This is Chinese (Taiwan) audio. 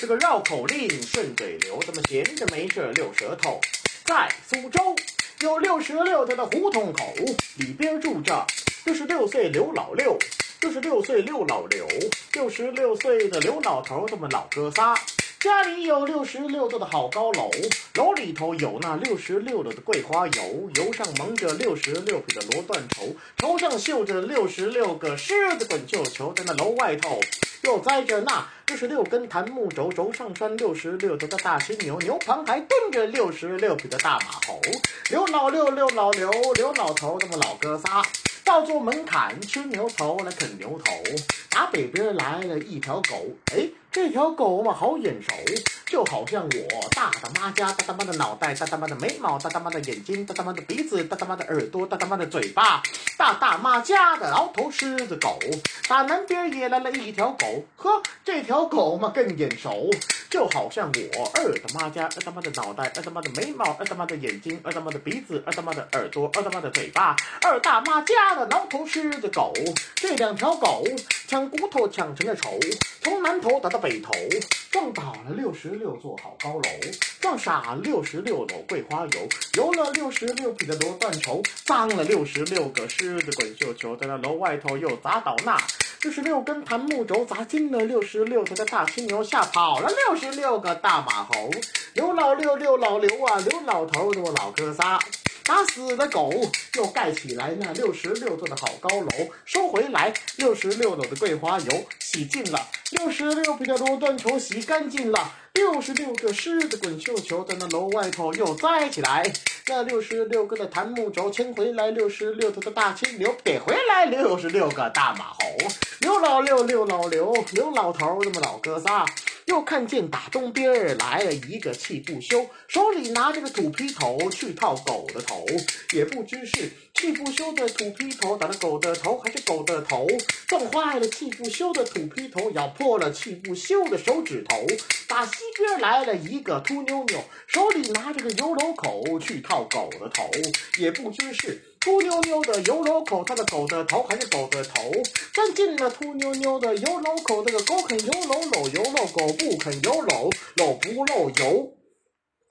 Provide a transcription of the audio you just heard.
這個繞口令，順嘴溜，他們閒着沒事溜舌頭。在蘇州有六十六條的胡同口，裡邊住着六十六歲劉老六，六十六歲六老劉，六十六歲的劉老頭，他們老哥仨，家裡有六十六座的好高樓，樓裡頭有那六十六簍的桂花油，油上蒙着六十六匹的羅緞綢，綢上繡著六十六個獅子滾繡球，在那樓外頭。又栽着那六十、就是、六根檀木軸，軸上拴六十六頭的大青牛，牛旁還蹲着六十六匹的大馬猴。劉老六劉老劉劉老頭子麼老哥仨，到做門檻吃牛頭來啃牛頭。打北邊來了一條狗，哎，這條狗嘛，好眼熟。就好像我大大媽家大大媽的腦袋，大大媽的眉毛，大大媽的眼睛，大大媽的鼻子，大大媽的耳朵，大大媽的嘴巴。大大媽家的老頭獅子狗，打南邊也來了一條狗。呵，這條狗嘛更眼熟。就好像我二大媽家二大媽的腦袋，二大媽的眉毛，二大媽的眼睛，二大媽的鼻子，二大媽的耳朵，二大媽的嘴巴。二大媽家的老頭獅子狗，這兩條狗。搶骨頭搶成了仇，從南頭打到北頭，撞倒了六十六座好高樓，撞傻六十六簍桂花油，遊了六十六匹的羅緞綢，髒了六十六個獅子滾繡球，在那樓外頭又砸倒那六十六根檀木軸，砸進了六十六頭的大青牛，嚇跑了六十六個大馬猴。劉老六六老劉啊，劉老頭，我老哥仨。打死的狗，又蓋起來那六十六座的好高樓。收回來六十六簍的桂花油，洗淨了六十六匹的羅緞綢，洗乾淨了六十六個獅子滾繡球，在那樓外頭又栽起來。那六十六根的檀木軸牽回來，六十六頭的大青牛給回來，六十六個大馬猴。劉老六，六老劉，劉老頭，那麼老哥仨。又看見打東邊來了一個氣不休，手裡拿着個土坯頭去套狗的頭，也不知是氣不休的土坯頭打了狗的頭，還是狗的頭撞壞了氣不休的土坯頭，咬破了氣不休的手指頭。打西邊來了一個禿妞妞，手裡拿着個油簍口去套狗的頭，也不知是。禿妞妞的油簍口，它的狗的頭還是狗的頭。鑽進了禿妞妞的油簍口，那個狗啃油簍簍，油簍狗不肯油簍簍，簍不漏油。